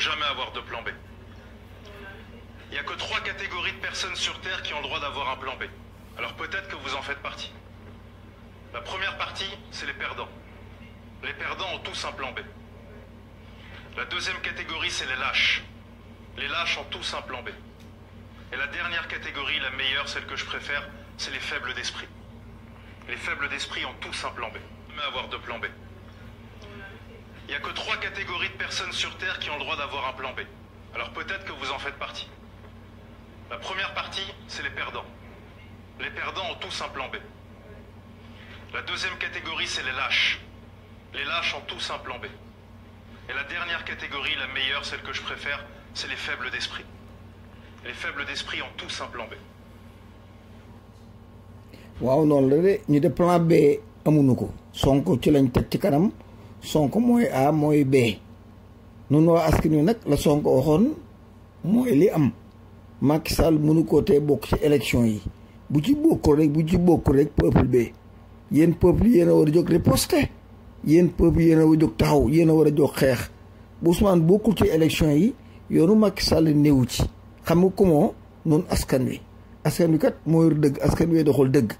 faut jamais avoir de plan B. Il n'y a que trois catégories de personnes sur Terre qui ont le droit d'avoir un plan B. Alors peut-être que vous en faites partie. La première partie, c'est les perdants. Les perdants ont tous un plan B. La deuxième catégorie, c'est les lâches. Les lâches ont tous un plan B. Et la dernière catégorie, la meilleure, celle que je préfère, c'est les faibles d'esprit. Les faibles d'esprit ont tous un plan B. Jamais avoir de plan B. Il n'y a que trois catégories de personnes sur Terre qui ont le droit d'avoir un plan B. Alors peut-être que vous en faites partie. La première partie, c'est les perdants. Les perdants ont tous un plan B. La deuxième catégorie, c'est les lâches. Les lâches ont tous un plan B. Et la dernière catégorie, la meilleure, celle que je préfère, c'est les faibles d'esprit. Les faibles d'esprit ont tous un plan B. waaw noonu la de ñu de plan B amuñu ko Sonko ci lañ teg ci kanam Sonko mooy A mooy B noonu waa askan wi nag la sonk waxoon mooy li am Macky Sall mënu ko tee bokk ci élection yi bu ci bokkul rek bu ci bokkul rek peuple bi yéen peuple yéen a war a jóg riposte yéen peuple yéen war a jóg taxaw yéen a war a jóg xeex bu Ousmane bokkul ci élection yi yoonu Macky Sall néewu ci xam nga comment noonu askan wi askan wi kat moo yor dëgg askan wee doxal dëgg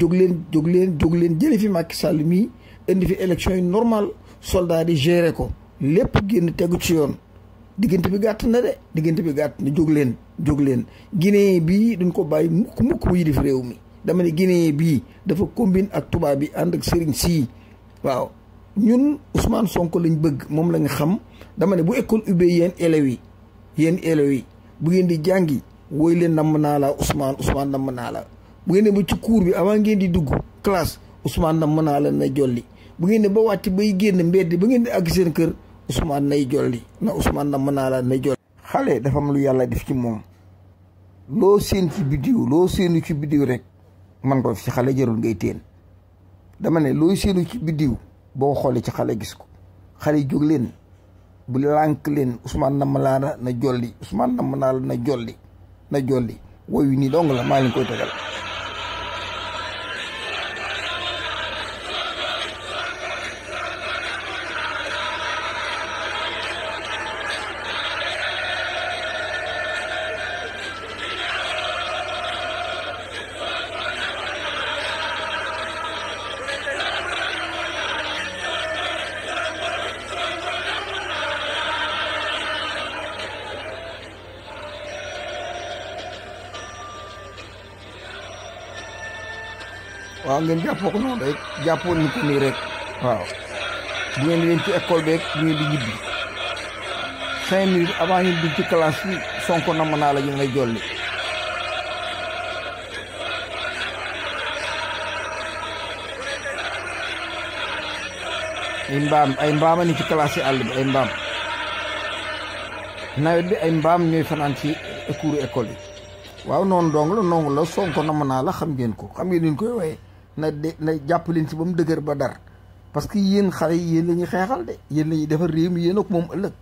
jóg leen jóg leen jóg leen jële fi Macky Sall mii indi fi élection yi normal soldat di géré ko lépp génn tegu ci yoon diggante bi gàtt na de diggante bi gàtt na jóg leen jóg leen Guinée bii duñ ko bàyyi mukk mukk mu yilif réew mi dama ne Guinée bii dafa combine ak tubaab bi ànd ak sëriñ sii waaw ñun Ousmane sonk lañ bëgg moom la xam dama ne bu école ubbee yéen élèves yi yéen élèves yi bu ngeen di jàngi wooy leen namm naa laa Ousmane Ousmane namm naa la bu ngeen ne bu ci cours bi avant ngeen di dugg classe Ousmane namm naa la na jolli bu ngeen ne ba wàcc bay génn mbedd ba ngeen di àgg seen kër Ousmane nay jolli na Ousmane na mën naa la nay jolli xale dafa am lu yàlla def ci moom loo séen ci biddiw loo seenu ci biddiw rek man ko fi ci xale jarul ngay teen dama ne loo seenu ci biddiw boo xoolee ci xale gis ko xale jóg leen bu lànk leen Ousmane na mën naa la na jolli Ousmane na mën naa la na jolli na jolli woyu nii dong la maa leen koy tegal waaw ngeen jàppoo ko noonu rek jàppoon ni ko nii rek waaw bu ngeen yéen ci école beeg bu ngeen di ñibbi cinq minutes avant ñu ci classe si Sonko namm naa la ñu lay jolli ay mbaam ay mbaama ni ci classe si àll bi ay mbaam nawet bi ay mbaam ñooy fanaan ci cour école yi waaw noonu dong la noonu la Sonko namm naa la xam ngeen ko xam ngeen ni koy waaye na de na jàpp leen si ba mu dëgër ba dar parce que yéen xale yi yéen la ñuy xeexal de yéen la ñuy defar réew mi yéen ak moom ëllëg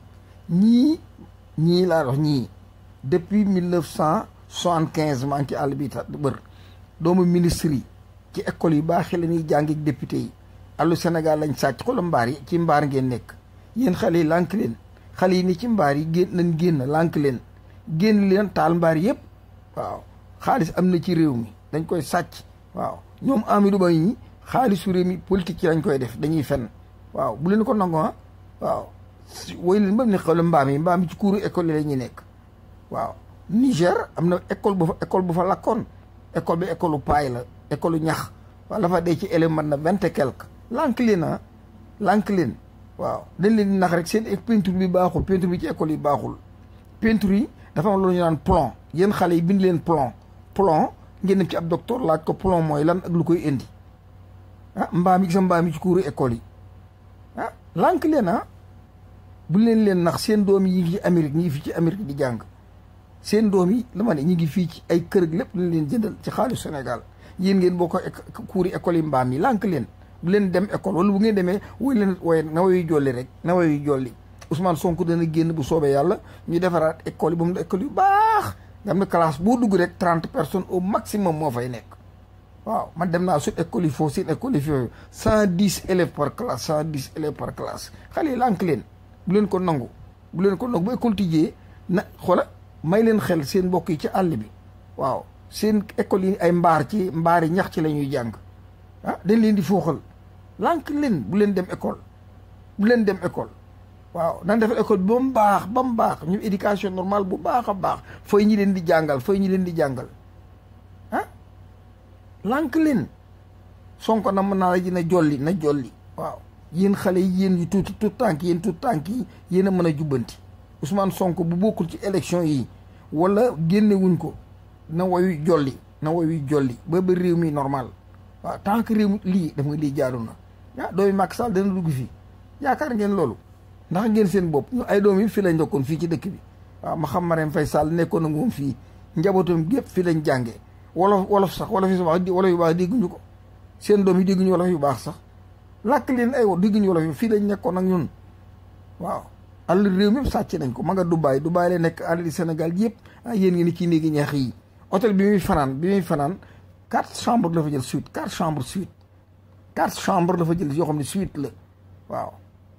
ñii ñii laa wax ñii depuis mille neuf cent soixante quinze maa àll bi ta bër doomu ministre yi ci école yu baax la ñuy jàng ak député yi allu Sénégal lañ sàcc xoolal mbaar yi ci mbaar ngeen nekk yéen xale yi lànk leen xale yi ni ci mbaar yi génn lañ génn lànk leen génn leen taal mbaar yëpp waaw xaalis am na ci réew mi dañ koy sàcc waaw ñoom Amidou Ba ñi xaalisu réew mi politique yi lañ koy def dañuy fenn waaw bu leen ko nangoo ah waaw si ba mu ne xel mbaam yi mbaam yi ci kuuru école yi la nekk waaw. Niger am na école bu fa école bu fa lakkoon école bi école u paay la école u ñax waaw dafa dee ci élève man na vingt et quelque lànk leen ah lank leen waaw dañ leen nax rek seen peinture bi baaxul peinture bi ci école yi baaxul peinture yi dafa am lu ñu naan plan yéen xale yi bind leen plan plan ngeen dem ci ab docteur laaj ko plomb mooy lan ak lu koy indi ah mbaam yi sa mbaam yi ci kuuru école yi ah lank leen ah bu leen leen nax seen doom yi ngi ci ñi ngi fii ci Amérique di jàng seen doom yi la ma ne ñi ngi fii ci ay kër lépp lañ leen jëndal ci xaalis Sénégal yéen ngeen boo ko ek kuuri école yi mbaam yi lank leen bu leen dem école wala bu ngeen demee woy leen woye na woyu jolli rek na woyu jolli Ousmane Sonko dana génn bu soobee yàlla ñu defaraat école yi ba mu yu baax nga xam ne classe boo dugg rek trente personnes au maximum moo fay nekk waaw man dem naa su école yi foofu seen école yi foofu cent dix élèves par classe cent par classe xale yi lànk leen bu leen ko nangu bu leen ko nangu bu école tijjee xoola may leen xel seen mbokk yi ci àll bi waaw seen école yi ay mbaar ci mbaar yi ñax ci la ñuy jàng ah dañ leen di fooxal lànk leen bu leen dem école bu leen dem école waaw nan def école ba mu baax ba mu baax ñu éducation normale bu baax a baax fooy ñi leen di jàngal fooy ñi leen di jàngal ah lànk leen sonk na mën naa la dina jolli na jolli waaw yéen xale yi yéen yu tuuti tout tànk yéen tout tànk yi yéen a mën a jubbanti Ousmane sonk bu bokkul ci élection yi wala génnewuñ ko na woyu jolli na woyu jolli ba ba réew mii normal waaw tant que réew mi lii daf nga lii jaaru na ah doomi Macky Sall dana dugg fii yaakaar ngeen loolu ndax ngeen seen bopp ñu ay doom yi fii lañ ndokkoon fii ci dëkk bi waaw ma xam Marème Faye Sall nekkoon na moom fii njabootam gépp fii lañ jàngee wolof wolof sax wolof yu baax wolof yu baax dégguñu ko seen doom yi dégguñu wolof yu baax sax làkk leen ay wax dégguñu wolof yi fii lañ nekkoon ak ñun waaw àll réew mépp sàcc nañ ko ma nga Dubaay Dubaay la nekk àll Sénégal yëpp ah yéen ngeen ci néegi ñax yi hôtel bi muy fanaan bi muy fanaan quatre chambres la fa jël suite quatre chambres suite quatre chambres la fa jël yoo xam ne suite la waaw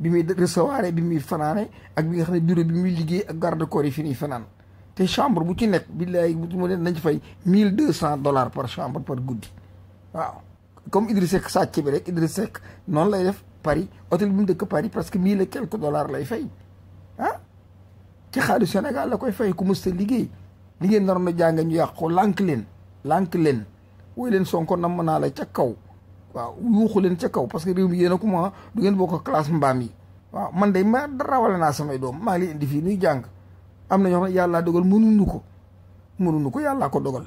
bi muy recevoir bi muy fanaane ak bi nga xam ne bureau bi muy liggéey ak garde corps yi fi fanaan te chambre bu ci nekk billaay mu ne nañ ci fay mille deux cent dollars par chambre par guddi comme Idriss Seck sàcc bi rek Idriss Seck noonu lay def Paris hôtel bi mu dëkk Paris parce que mii et quelques dollars lay fay ah ci xaalis Sénégal la koy fay ku mës ta liggéey li ngeen naroon a jàng ñu yàq ko lànk leen lànk leen woy leen Sonko namm naa la ca kaw waaw yuuxu leen ca kaw parce que réew mi yéen a ma du ngeen boo ko classe mbaam yi waaw man day ma rawale naa samay doom maa ngi indi fii nuy am na ñoo xam yàllaa dogal mënuñu ko mënuñu ko yàllaa ko dogal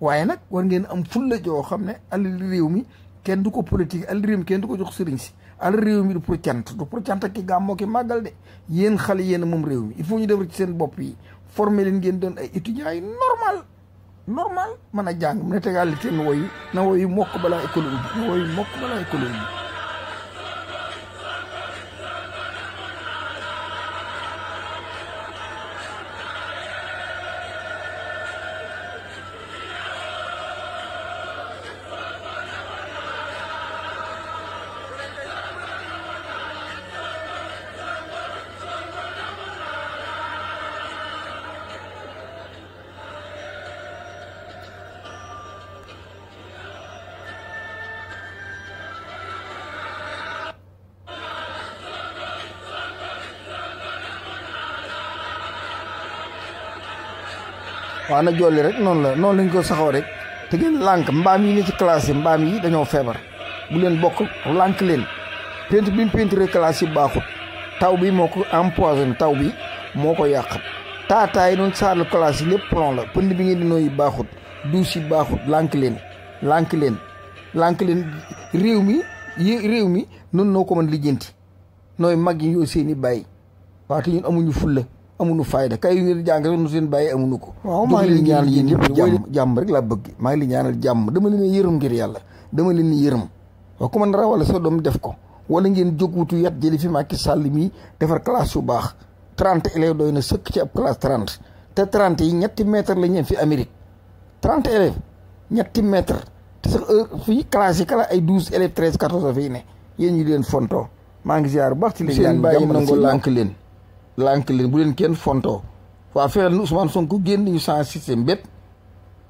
waaye nag war ngeen am fulla joo xam ne alal réew mi kenn du ko politique alal réew mi kenn du ko jox sëriñ si réew mi du pour cant du pour canta ki gàmmoo ki màggal de yéen xale yéen moom réew mi il faut ñu defar ci seen bopp yi former leen ngeen doon ay étudiants yi normal normal mën a jàng mu ne tegaal teen woy na woy mokk balaa école ubbi mokk balaa école waaw na jolli rek noonu la noonu lañ ko saxoo rek te ngeen lànk mbaam yi ne ci classe yi mbaam yi dañoo feebar bu leen bokk lànk leen pent bi mu pentre classe yi baaxut taw bi moo ko empoisonné taw bi moo ko yàq taataa yi noon saalu classe yi lépp plomb la pënd bi ngeen di nooyi baaxut duus yi baaxut lànk leen lànk leen lànk leen réew mi yi réew mi noonu noo ko mën lijjanti nooy mag yi yoo seen i bàyyi waaw te amuñu fulla amuñu fayda kay ngeen jàng rek nu seen bàyyi amuñu ko waaw maa ngi leen ñaanal yéen ñëpp bëgg maa ngi leen ñaanal jàmm dama leen ne yërëm ngir yàlla dama leen ne yërëm waaw ku mën rawale doom def ko wala ngeen jóg wutu yat jëli fi Macky Sall mii defar classe yu baax trente élèves doy na sëkk ci ab classe trente te trente yi ñetti mètre la ñeen fi Amérique trente élèves ñetti mètre te sax heure fii classe yi kala ay douze élèves treize quatorze fii ne yéen ñu leen fontoo maa ngi ziar bu baax ci leen bàyyi lànk leen lànk leen bu leen kenn fontoo waa fexeel na Ousmane Sonko génn ñu sans système bépp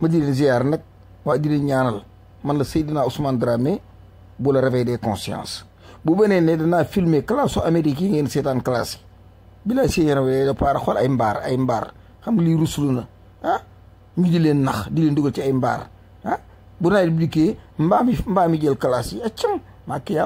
ma di leen ziar nag waa di leen ñaanal man la Seydina Ousmane Dramé boo la réveil des consciences bu benee ne danaa filmer classe su Amérique yi ngeen seetaan classe yi bi laa see yaram da paar xool ay mbaar ay mbaar xam lii ruslu na ah ñu di leen nax di leen dugal ci ay mbaar ah bu nawet bi dikkee mbaam yi mbaam yi jël classe yi accam maa ki